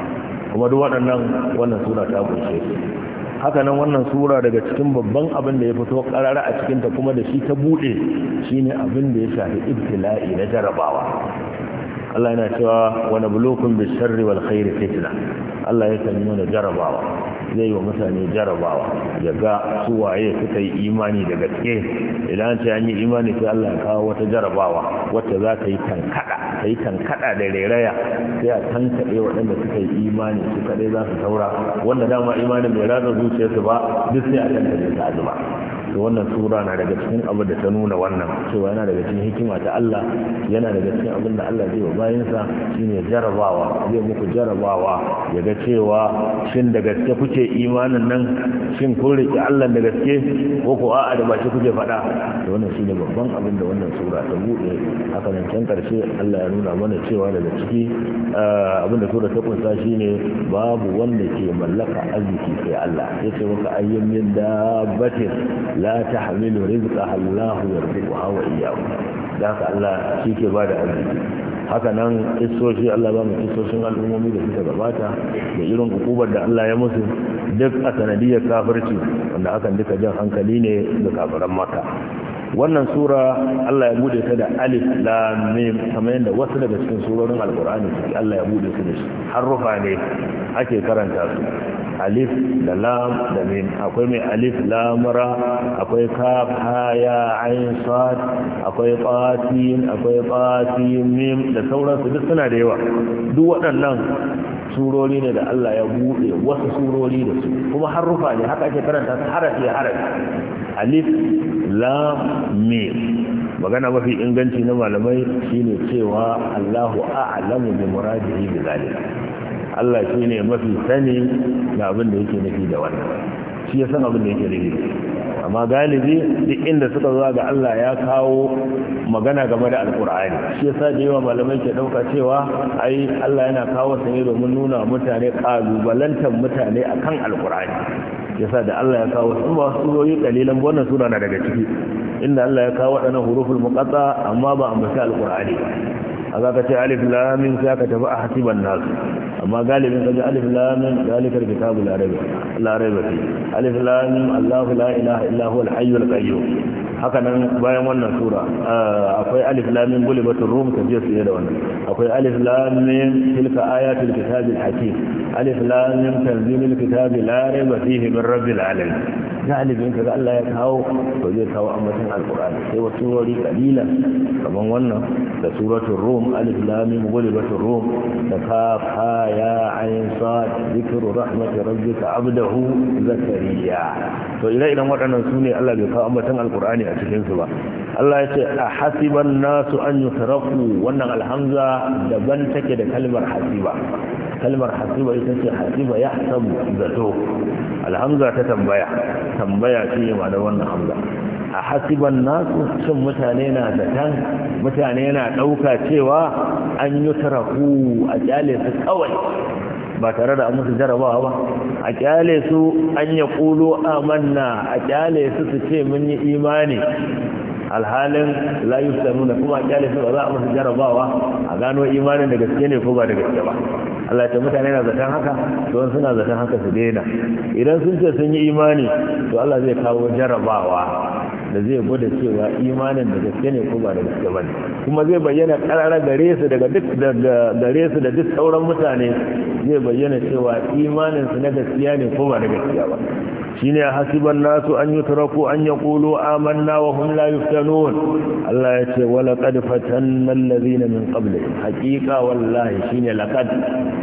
kuma duk waɗannan wannan sura ta kunshe su haka nan wannan sura daga cikin babban abin da ya fito karara a cikin ta kuma da shi ta buɗe shine abin da ya shafi ibtila'i na jarabawa Allah yana cewa wa nablukum bis-sharri wal khairi fitna Allah ya sami mana jarabawa zai wa mutane jarabawa ya ga su waye suka yi imani da gaske idan ce an yi imani sai Allah ya kawo wata jarabawa wacce za ta yi tankada ta yi tankada da rairaya sai a tankaɗe waɗanda suka yi imani su kaɗai za su saura wanda dama imanin bai ratsa zuciyarsu ba duk sai a tankaɗe su a to wannan sura na daga cikin abu da ta nuna wannan cewa yana daga cikin hikima ta Allah yana daga cikin abin da Allah zai wa bayansa shine jarabawa zai muku jarabawa ya ga cewa shin da gaske kuke imanin nan shin kun riƙe Allah da gaske ko ko a'a da ba shi kuke faɗa to wannan shine babban abin da wannan sura ta bude haka nan can karshe Allah ya nuna mana cewa daga ciki eh, abin da sura ta kunsa shine babu wanda ke mallaka arziki sai Allah yace maka ayyamin dabbatin la tahmilu rizqaha Allah yarzuquha wa 'iyyahu da haka Allah shi ke ba da arziki haka nan isoshi Allah ba mu isoshin al'ummomi da suka gabata da irin hukubar da Allah ya musu duk a sanadiyar kafirci wanda hakan duka jan hankali ne ga kafiran maka wannan sura Allah ya bude ta da alif lam mim kamar yadda wasu daga cikin surorin alqur'ani Allah ya bude su da shi harufa ne ake karanta su alif da lam da Min akwai mai alif lamura akwai kaf haya ain sad akwai qatin akwai qatin mim da sauransu duk suna da yawa duk waɗannan surori ne da Allah ya buɗe wasu surori da su kuma harufa ne haka ake karanta su harafi harafi alif lam mim magana mafi inganci na malamai shine cewa Allahu a'lamu bi muradihi bi zalika Allah shi ne mafi sani da abin da yake nufi da wannan shi ya san abin da yake nufi amma galibi duk inda suka zuwa ga Allah ya kawo magana game da alkur'ani shi ya sa malamai ke ɗauka cewa ai Allah yana kawo sa ne domin nuna mutane ƙalubalantar mutane akan alkur'ani ya sa da Allah ya kawo su ba surori dalilan wannan sura na daga ciki inda Allah ya kawo waɗannan huruful muqatta amma ba ambaci alkur'ani ba a za ka ce alif lamin sai aka tafi a hasiban nasu amma galibin ka ji alif lamin zalikar kitabu laraba ce alif lamin allahu la ilaha illahu alhayyul qayyum haka nan bayan wannan sura akwai alif lamin gulibatul rum ta je su da wannan akwai alif lamin tilka ayatul kitabil hakim alif lamin tanzilul kitabi la raiba fihi min rabbil alamin galibin kaga Allah ya kawo to zai kawo ambaton alqur'ani sai wasu wuri kalila kaman wannan da suratul rum alif lamim ghulibat ar-rum da kaf ha ya ayn sad zikru rahmati rabbika abdahu zakariya to ila idan waɗannan sune Allah bai kawo ambatan alkur'ani a cikin su ba Allah ya ce a hasiban nasu an yutraku wannan alhamza daban take da kalmar hasiba kalmar hasiba ita ce hasiba ya alhamza ta tambaya tambaya ma da wannan hamza a hasiban nasu shin mutane na zaton mutane na ɗauka cewa an yi taraku a kyale su kawai ba tare da musu jarabawa ba a kyale su an ya ƙulo amanna a kyale su su ce mun yi imani alhalin layu sanuna kuma kyale su ba za a musu jarabawa a gano imanin da gaske ne ko ba da gaske ba Allah ta mutane na zaton haka to wani suna zaton haka su daina idan sun ce sun yi imani to Allah zai kawo jarabawa da zai gwada cewa imanin da gaske ne ko ba da gaske ba kuma zai bayyana karara gare su daga duk gare su da duk sauran mutane zai bayyana cewa imanin su na gaskiya ne ko ba da gaskiya ba shine hasiban nasu an yutraku an yaqulu amanna wa hum la yuftanun Allah ya ce wala qad fatanna alladhina min qabli haqiqa wallahi shine laqad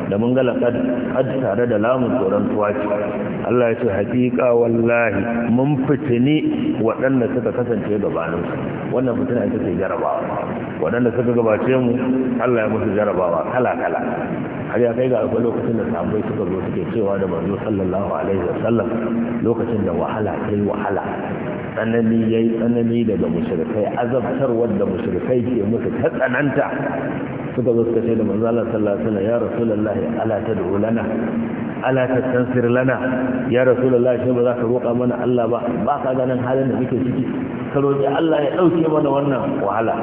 da mun ga laqad har tare da lamun tsoron tuwaci Allah ya ce haqiqa wallahi mun fitini waɗanda suka suka kasance gabanin wannan fitina ita ce jarabawa waɗanda suka gabace mu Allah ya musu jarabawa kala kala har ya kai ga akwai lokacin da sabai suka zo suke cewa da manzo sallallahu alaihi wasallam lokacin da wahala kai wahala tsanani yi tsanani daga mushrikai azabtar wanda mushrikai ke musu ta tsananta suka zo suka ce da manzo Allah sallallahu alaihi wasallam ya rasulullahi ala tad'u lana ala tastansir lana ya rasulullahi sai ba za ka roƙa mana Allah ba ba ka ganin halin da muke ciki ka roƙi Allah ya ɗauke mana wannan wahala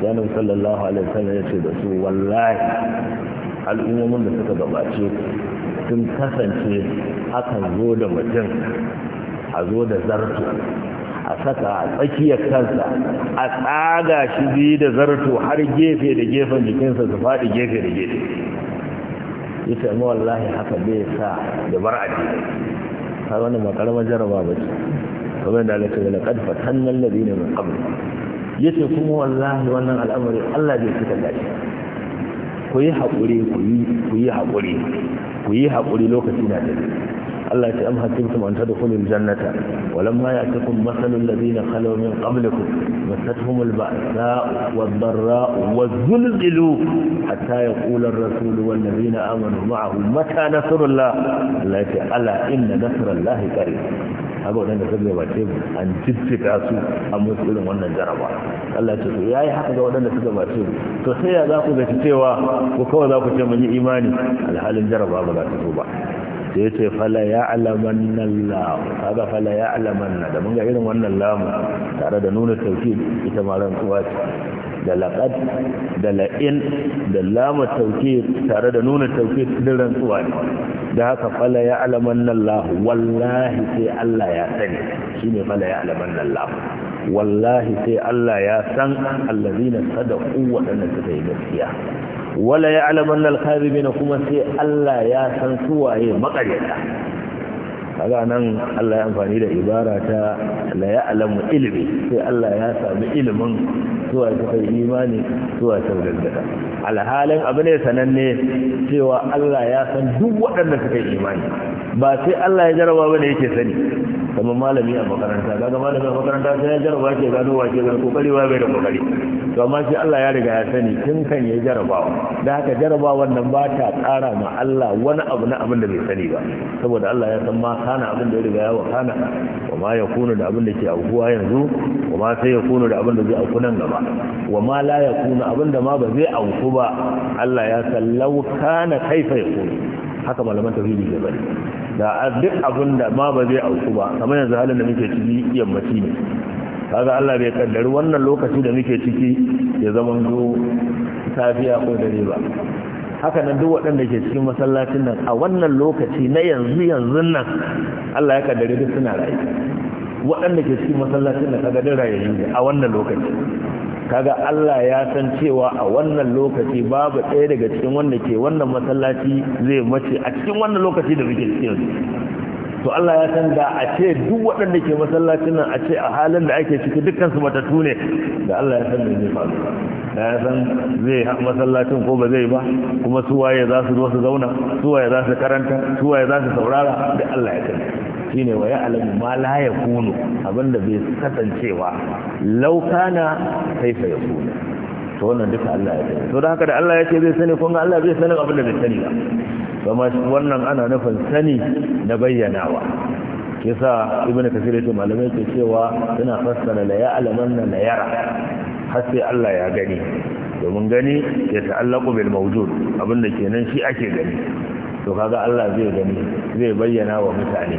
yanin sallallahu alaihi wasallam ya ce da su wallahi al'ummomin da suka gabace sun kasance akan zo da mutum a zo da zarto a saka a tsakiyar kansa a tsaga shi biyu da zarto har gefe da gefen jikinsa su faɗi gefe da gefe ita ma wallahi haka bai sa da bar addini ta wani makarama jaraba ba ce kamar da alaƙa da laƙad fatannan ladina min qabl yace kuma wallahi wannan al'amari Allah bai cika dace ku yi haƙuri ku yi haƙuri ku yi lokaci na dare Allah ta amha kuntum an tadkhulul jannata walamma ya'tikum mathalul ladina khalaw min qablikum massatuhum al-ba'sa'u wad-dharra'u waz-zulzilu hatta yaqula ar-rasul wal ladina amanu ma'ahu mata nasrullah Allah ta da inna nasrallahi qarib an jijjiga su an musu wannan jaraba Allah ce to yayi haka ga wadanda suka gabace mu to sai ya za ku zaci cewa ko kawai za ku ce mun yi imani alhalin jaraba ba za ta zo ba sai ya ce fala ya alaman nan kaga fala ya alaman da mun ga irin wannan lamu tare da nuna tauki ita ma rantsuwa ce da laqad da la'in da lamu tauki tare da nuna tauki din rantsuwa ne da haka fala ya alaman nan wallahi sai Allah ya sani shine fala ya alaman nan wallahi sai Allah ya san allazina sadaqu wa dana suka yi gaskiya wala ya alaman na kuma sai Allah ya san su waye makaryata kaga nan Allah ya amfani da ibara ta la ya alamu ilmi sai Allah ya sami ilimin zuwa ta imani zuwa ta daddada alhalin abu ne sananne cewa Allah ya san duk waɗanda suka imani ba sai Allah ya jarraba bane yake sani kamar malami a makaranta kaga malami a makaranta sai ya jarraba ke gano wa ke gano kokari wa bai da kokari to amma shi Allah ya riga ya sani tun kan ya jarrabawa da haka jarabawar nan ba ta tsara ma Allah wani abu na abin da bai sani ba saboda Allah ya san ma kana abin da ya riga ya wakana wa ma ya kunu da abin da ke aukuwa yanzu wa ma sai ya kunu da abin da zai auku nan gaba wa ma la ya kunu abin da ma ba zai auku ba Allah ya san lau kana kaifa ya kunu haka malaman tauhidi ke bari da duk abin da ma ba zai auku ba kamar yanzu halin da muke ciki yammaci ne kaga Allah bai kaddari wannan lokaci da muke ciki ya zama zo safiya ko dare ba haka nan duk waɗanda ke cikin masallacin nan a wannan lokaci na yanzu yanzu nan Allah ya kaddari duk suna rayu waɗanda ke cikin masallacin nan kaga duk rayayyu ne a wannan lokaci kaga Allah ya san cewa a wannan lokaci babu ɗaya daga cikin wanda ke wannan masallaci zai mace a cikin wannan lokaci da muke cikin to Allah ya san da a ce duk waɗanda ke masallacin nan a ce a halin da ake ciki dukkan su matatu ne da Allah ya san da zai faru da ya san zai masallacin ko ba zai ba kuma su waye za su zo su zauna su waye za su karanta su waye za su saurara da Allah ya san shine wa ya'lamu ma la yakunu abinda bai kasancewa law kana kaifa yakunu to wannan duka Allah ya sani to da haka da Allah ya ce zai sani kun ga Allah zai sani abinda bai sani ba kuma wannan ana nufin sani na bayyanawa kisa ibn kasir ce malamai ke cewa suna fassara la ya'lamun la yara har sai Allah ya gani domin gani ya ta'allaqu bil mawjud abinda kenan shi ake gani to kaga Allah zai gani zai bayyana wa mutane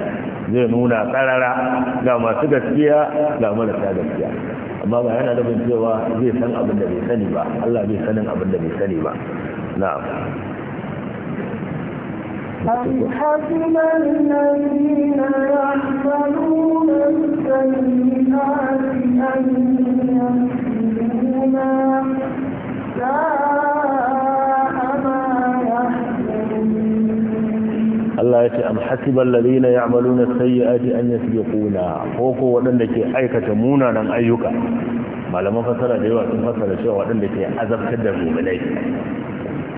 zai nuna karara ga masu gaskiya ga marasa gaskiya amma ba yana da cewa zai san abin da bai sani ba Allah bai sanin abin da bai sani ba na'am أم Allah ya ce am hasibal ladina ya'maluna sayyi'ati an yasbiquna ko ko wadanda ke aikata munanan ayyuka malaman fasara da yawa sun fasara cewa wadanda ke azabtar da mu'minai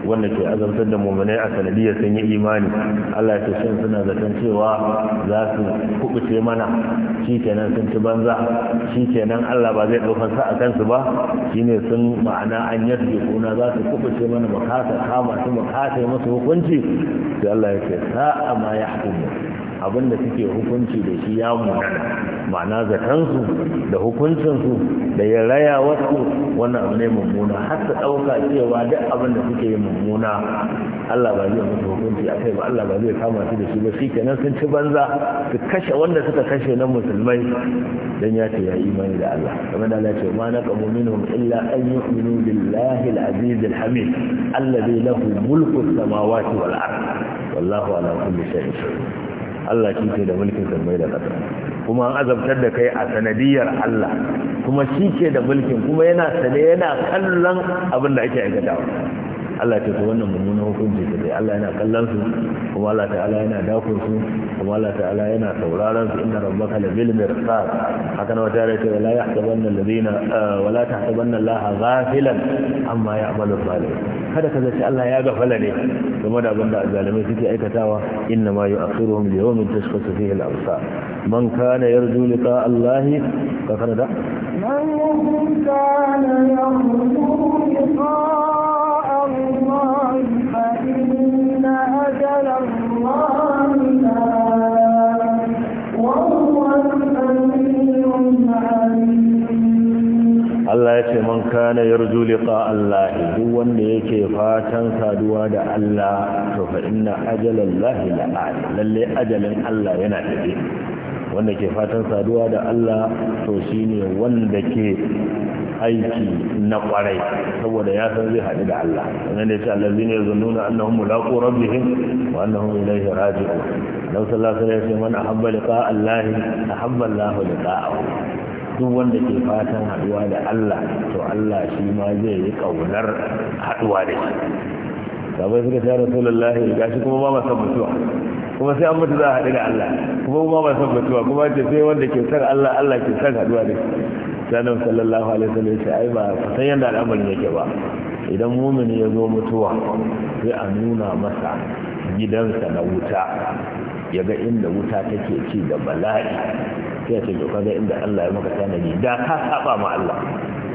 wanda ke azabtar da muminai a sanadiyar sun yi imani Allah ya shan suna zaton cewa za su kubuce mana shi kenan sun ci banza shi kenan Allah ba zai ɗaukar sa a kansu ba shine sun ma'ana an yarje kuna za su kubuce mana makasa kama su makasa masu hukunci sai Allah ya ce sa'a ma ya hukumu abin da suke hukunci da shi ya munana ma'ana su da hukuncinsu da ya raya wasu wannan abu ne mummuna har su ɗauka cewa duk abin da suke yi mummuna Allah ba zai musu hukunci a kai ba Allah ba zai kama su da shi ba shi kenan sun ci banza su kashe wanda suka kashe na musulmai dan ya ce ya imani da Allah kamar da Allah ya ce ma naqamu minhum illa an yu'minu billahi al-aziz al-hamid alladhi lahu mulku as-samawati wal-ard wallahu ala kulli shay'in Allah shi ke da mulkin sammai da ƙasa kuma an azabtar da kai a sanadiyar Allah kuma shi ke da mulkin kuma yana sane yana kallon abin da ake aikatawa Allah ta ce wannan mummunan hukunci da dai Allah yana kallon su kuma Allah ta'ala yana dakon su kuma Allah ta'ala yana sauraron su inna rabbaka la bil mirsad haka na wata ya ce wala yahsabanna alladhina eh, wala tahsabanna Allah ghafilan amma ya'malu salih kada ka zaci Allah ya gafala ne kuma da abinda da zalimai suke aikatawa inna ma yu'akhiruhum li yawmin tashkhasu fihi al-absar man kana yarju liqa Allah ka kana da man kana yarju liqa أجل الله وهو الأمير العليم Allah ya ce man kana yarju liqa Allah duk wanda yake fatan saduwa da Allah to fa inna ajalallahi la'at lalle ajalin Allah yana tafe wanda ke fatan saduwa da Allah to shine wanda ke aiki na kwarai saboda ya san zai haɗu da Allah wannan da ya ce allazi ne zununa annahum mulaqu rabbihim wa annahum ilayhi raji'un law sallallahu alaihi wasallam man ahabba liqa Allah ahabba Allah liqa'ahu duk wanda ke fatan haɗuwa da Allah to Allah shi ma zai yi ƙaunar haɗuwa da shi sabai suka ce rasulullahi gashi kuma ba masu mutuwa kuma sai an mutu za a haɗu da Allah kuma ba masu mutuwa kuma ce sai wanda ke san Allah Allah ke san haɗuwa ne sanan sallallahu alaihi wasallam ce ai ba san yanda al'amarin yake ba idan mumini ya zo mutuwa sai a nuna masa gidansa na wuta ya ga inda wuta take ci da bala'i sai ce to kaga inda Allah ya maka tanadi da ka saba ma Allah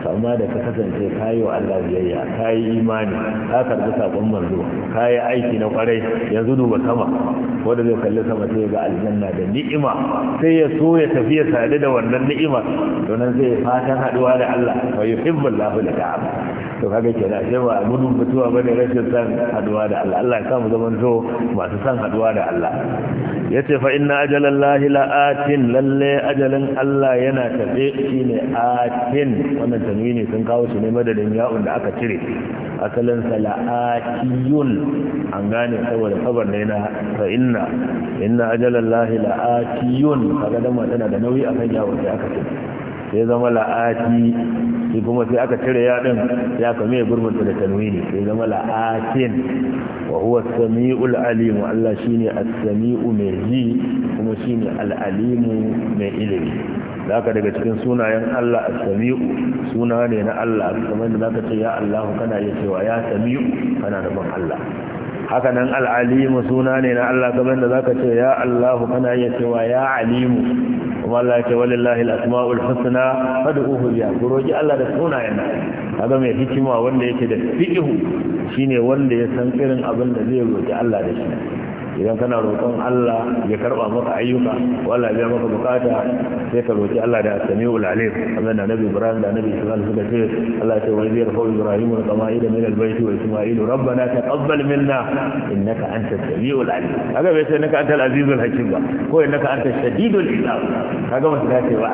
amma da ka kasance ka Allah biyayya ka imani ka karbi sabon manzo ka aiki na kwarai yanzu duba sama wanda zai kalli sama sai ga aljanna da ni'ima sai ya so ya tafi ya sadu da wannan ni'ima to nan zai fatan haduwa da Allah wa yuhibbu Allahu laka'am to kaga kenan sai ba gudun mutuwa bane rashin san haduwa da Allah Allah ya sa mu zaman so masu san haduwa da Allah yace fa inna ajalallahi la'atin lalle ajalan Allah yana tafe shine atin wannan tanwini sun kawo shi ne madadin ya'un da aka cire asalin sala'atiyun an gane saboda sabar ne na fa inna inna ajalallahi la'akiyun kaga dama tana da nauyi akan ya'un da aka cire sai zama la'ati shi kuma sai aka cire ya din ya kame gurbin da tanwini sai zama la'atin wa huwa samiul alimu Allah shine as-sami'u mai ji kuma shine al mai ilimi zaka daga cikin sunayen Allah as-sami'u suna ne na Allah kamar da zaka ce ya Allah kana iya cewa ya sami'u kana da ban Allah haka nan al'alimu suna ne na Allah gaban da za ka ce ya Allah kana iya cewa ya alimu kuma Allah ce walillahi asma'ul husna fadu uhu biya ku roƙi Allah da sunayen kaga mai hikima wanda yake da fiƙihu shine wanda ya san irin abin da zai roƙi Allah da shi idan kana roƙon Allah ya karɓa maka ayyuka wala biya maka bukata sai ka roƙi Allah da Samiul Alim kamar da Nabi Ibrahim da Nabi Ismail suka ce Allah ya ce wa zai rafa Ibrahim wa Isma'il min al-bayt wa Isma'il rabbana taqabbal minna innaka antas Samiul Alim kaga bai sai naka antal azizul hakim ba ko innaka antas shadidul iqab kaga mutum ya ce wa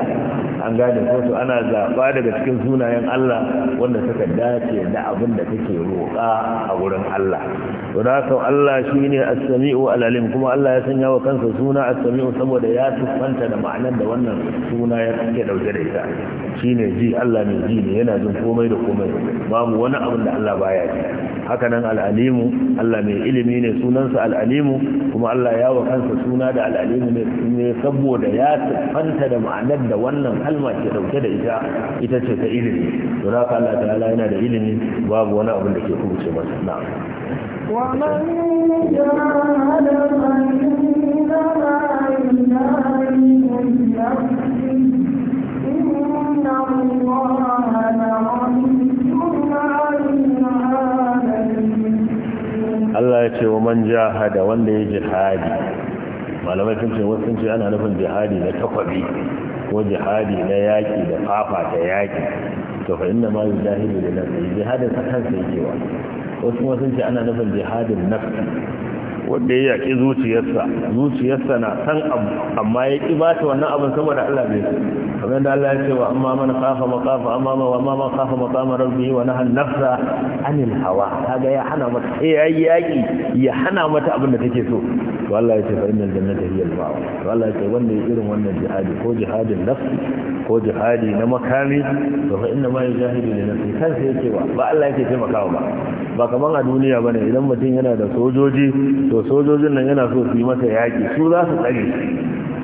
an gane ko to ana zaba daga cikin sunayen Allah wanda suka dace da abin da kake roƙa a wurin Allah to da Allah shine as-sami'u al'alim kuma Allah ya sanya wa kansa suna as-sami'u saboda ya tuffanta da ma'anar da wannan suna ya take dauke da ita shine ji Allah ne ji ne yana jin komai da komai babu wani abin da Allah baya ji haka nan al'alimu Allah mai ilimi ne sunansa al'alimu kuma Allah ya wa kansa suna da al'alimu ne saboda ya tuffanta da ma'anar da wannan kalma ke dauke da ita ita ce ta ilimi to haka Allah ta'ala yana da ilimi babu wani abin da ke kubuce masa na'am Allah ya ce wa man jahada wanda ya jihadi malamai sun ce sun ce ana nufin jihadi na takwabi ko jihadi na yaki da fafa ta yaƙi to fa inna ma yujahidu da nafsi jihadin sa kansa yake wa wasu kuma sun ce ana nufin jihadin nafsi wanda ya yaƙi zuciyarsa zuciyarsa na san abu amma ya ƙi ba ta wannan abin saboda Allah bai kamar yadda Allah ya ce wa amma man khafa maqama amma ma wa amma man khafa maqama rabbihi wa nahan nafsa anil hawa kaga ya hana mata yayi yaƙi ya hana mata abin da take so to Allah ya ce fa innal jannata hiya al-ma'wa to Allah ya ce wanda ya irin wannan jihadi ko jihadin nafsi ko jihadi na makami to fa inna ma yujahidu li nafsi kansa yake wa ba Allah yake taimakawa ba ba kamar a duniya bane idan mutum yana da sojoji to sojojin nan yana so su yi masa yaƙi su za su tsare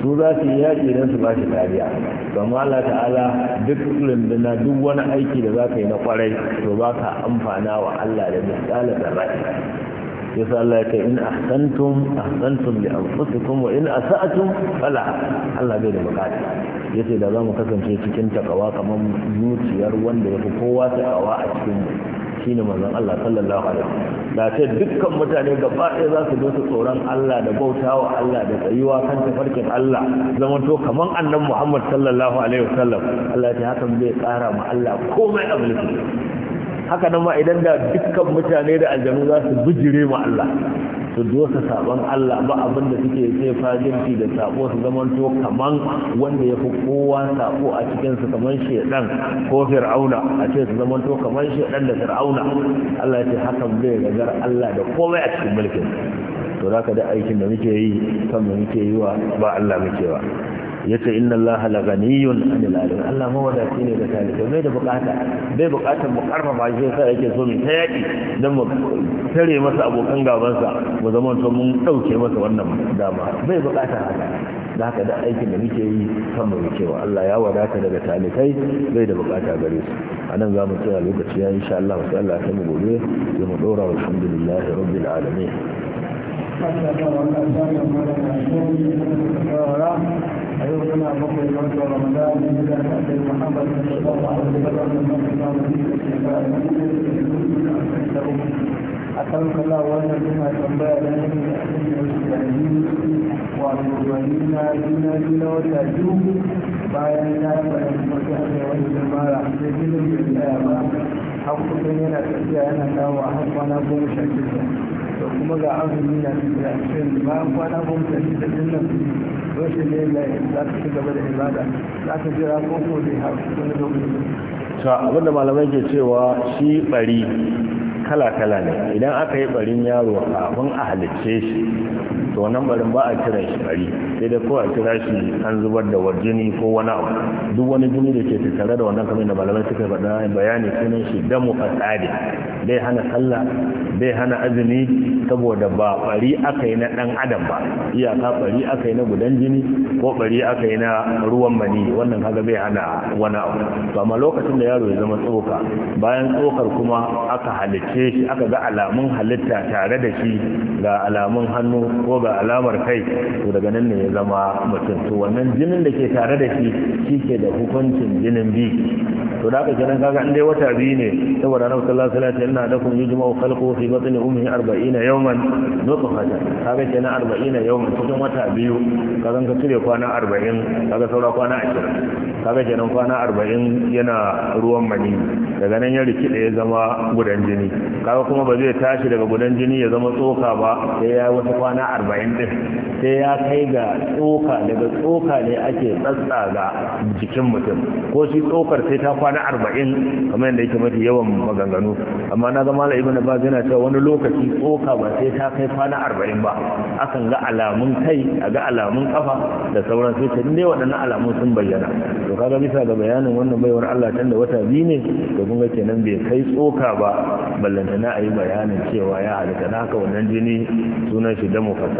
su za su yi yaƙi don su ba shi kariya kamar Allah ta'ala duk duk wani aiki da za ka yi na kwarai to ba ka amfana wa Allah da misali da rai yasa Allah ya in ahsantum ahsantum li anfusikum wa in asa'tum fala Allah bai da bukata yace da za mu kasance cikin takawa kamar zuciyar wanda ya fi kowa takawa a cikin shi ne manzon Allah sallallahu alaihi wasallam da ce dukkan mutane gaba ɗaya za su su tsoron Allah da bautawa Allah da tsayuwa kan tafarkin Allah zama to kaman annabi Muhammad sallallahu alaihi wasallam Allah ya hakan zai kara ma Allah komai abulki haka nan ma idan da dukkan mutane da aljanu za su bijire ma Allah su dosa saban Allah ba abin da suke sai fajinci da sabo su zaman to kaman wanda ya fi kowa sabo a cikin su kaman shedan ko fir'auna a ce su zaman to kaman shedan da fir'auna Allah ya ce hakan bai gagar Allah da komai a cikin mulkin to zaka da aikin da muke yi kan muke yi wa ba Allah muke wa yace inna allaha laghaniyun anil alamin allah ma wadaci ne da talibai bai da bukata bai bukatar mu karfafa shi sai yake so mu ta yaki dan mu tare masa abokan gabansa mu zama to mun dauke masa wannan dama bai bukata haka da haka da aikin da muke yi kan mu cewa Allah ya wadata daga talibai bai da bukata gare su anan za mu tsaya lokaci ya insha Allah sai Allah ya mu gobe mu dora alhamdulillah rabbil alamin فتح والأسان ولد أشهر كثيرا أيضنا بقي الوقت رمضان إلى أبي محمد صلى الله عليه وسلم من كتاب أسألك الله وأنا بما تنبأ لنا من أهل المسلمين والمؤمنين دون دون وتأتوه بعد ذلك فنسمعك والجماعة سبيل الإسلام حق بيننا فيها أنا وحقنا بمشكلة da kuma ga azumi na da shirin an kwana goma da shi da dinnan rashin ne da za ta ci gaba da ibada za ta jira ko ko dai har wani lokaci ta abinda malamai ke cewa shi bari kala-kala ne idan aka yi barin yaro kafin a halicce shi to wannan barin ba a kira shi bari sai da ko a kira shi an zubar da wajini ko wani abu duk wani jini da ke tattare da wannan kamar da malamai suka faɗa bayani sunan shi damu fasadi bai hana sallah bai hana azumi saboda ba bari aka yi na ɗan adam ba iyaka bari aka yi na gudan jini ko bari aka yi na ruwan mani wannan kaga bai hana wani abu to amma lokacin da yaro ya zama tsoka bayan tsokar kuma aka halicce shi aka ga alamun halitta tare da shi ga alamun hannu ko ga alamar kai to daga nan ne ya zama mutum to wannan jinin da ke tare da shi shi ke da hukuncin jinin bi to da aka kenan kaga in dai wata biyu ne saboda annabi sallallahu alaihi wasallam yana da kun yujma'u khalqu fi batni ummi 40 yawman nutfatan kaga kenan 40 yawman cikin wata biyu kaga ka cire kwana 40 kaga saura kwana 20 kaga kenan kwana 40 yana ruwan mani daga nan ya da ya zama gudan jini kaga kuma ba zai tashi daga gudan jini ya zama tsoka ba sai ya wata kwana arba'in ɗin sai ya kai ga tsoka daga tsoka ne ake tsatsa ga jikin mutum ko shi tsokar sai ta kwana arba'in kamar yadda yake mafi yawan maganganu amma na zama la ibn abbas yana cewa wani lokaci tsoka ba sai ta kai kwana arba'in ba akan ga alamun kai a ga alamun kafa da sauran sai ta dai waɗannan alamun sun bayyana to kaga bisa ga bayanin wannan baiwar Allah da wata biyu ne to kun ga kenan bai kai tsoka ba ballantana a yi bayanin cewa ya halitta na haka wannan jini sunan shi da fasa.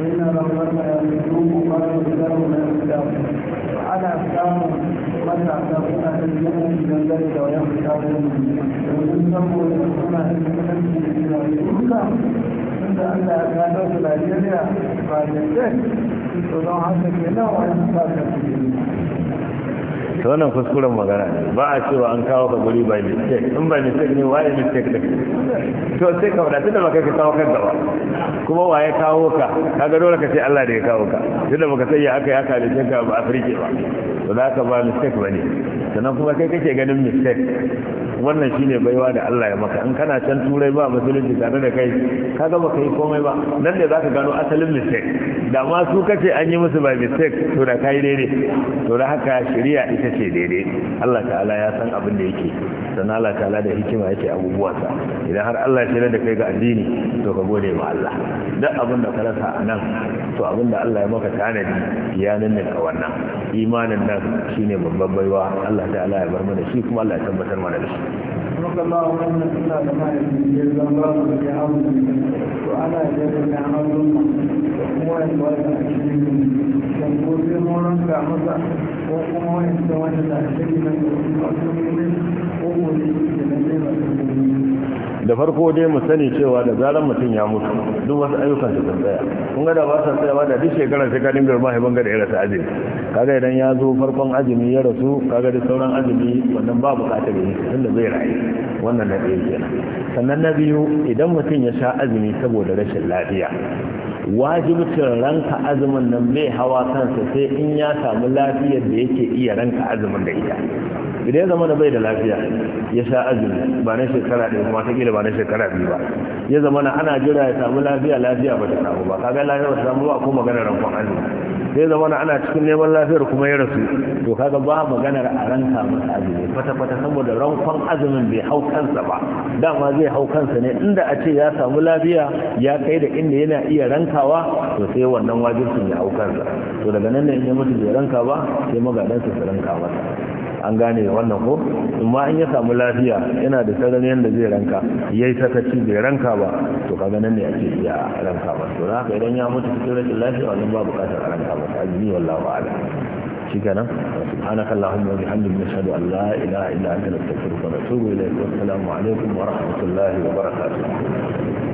فإن ربنا يوم قال لهم الإسلام على أسلام متى تكون الجنة من ذلك ويوم القيامة وإن سموا يكون الجنة tunda Allah ya gano su Najeriya ba da zai, to don haka ke nawa ya sa ka su to wannan kuskuren magana ne ba a cewa an kawo ka guri by mistake in by mistake ne waye mistake din to sai ka wadatu da baka kawo kanka ba kuma waye kawo ka kaga dole ka ce Allah da ya kawo ka tunda baka sai ya aka ya kare ka ba afirke ba to za ka ba mistake bane sannan kuma kai kake ganin mistake wannan shine baiwa da Allah ya maka in kana can turai ba musulunci tare da kai kaga ba yi komai ba nan ne zaka gano asalin mistake da ma su kace an yi musu ba mistake to da kai daidai to da haka shari'a ita ita ce daidai Allah ta'ala ya san abin da yake sannan Allah ta'ala da hikima yake sa idan har Allah ya da kai ga addini to ka gode ma Allah duk abin da ka rasa a nan to abin da Allah ya maka tanadi ya nannin ka wannan imanin nan shine babban baiwa Allah ta'ala ya bar mana shi kuma Allah ya tabbatar mana da shi Allah ya عنا الإسلام مالك من da kuma a cikin ko masa ko kuma da da farko dai mu sani cewa da zaran mutum ya mutu duk wasu ayyukan su tsaya kun ga da ba sa tsayawa da duk shekarar sai ka dinga rubuta ban ga da ya rasa azumi kaga idan ya zo farkon azumi ya rasu kaga da sauran azumi wannan ba bukatar yi tunda zai rayu wannan na ɗaya kenan sannan na biyu idan mutum ya sha azumi saboda rashin lafiya wajibcin ranka azumin nan mai hawa kansa sai in ya samu lafiyar da yake iya ranka azumin da ita idan zama na bai da lafiya ya sha azumi ba na shekara ɗaya kuma ta ƙila ba na shekara biyu ba ya zama na ana jira ya samu lafiya lafiya ba ta samu ba kaga lafiya ba ta samu ba ko maganar rankon azumi ya zama na ana cikin neman lafiyar kuma ya rasu to kaga ba maganar a ran samu azumi kwata kwata saboda rankon azumin bai hau kansa ba dama zai hau kansa ne inda a ce ya samu lafiya ya kai da inda yana iya rankawa to sai wannan wajibcin ya hau kansa to daga nan ne in ya mutu bai ranka ba sai magadansa su ranka masa an gane wannan ko amma in ya samu lafiya yana da sanin yanda zai ranka yayi ci bai ranka ba to kaga nan ne ake iya ranka ba to haka idan ya mutu cikin rashin lafiya wannan babu bukatar ranka ba azumi wallahu a'lam shikenan subhanaka allahumma wa bihamdika nashhadu an la ilaha illa anta nastaghfiruka wa natubu ilayk wa assalamu alaikum wa rahmatullahi wa barakatuh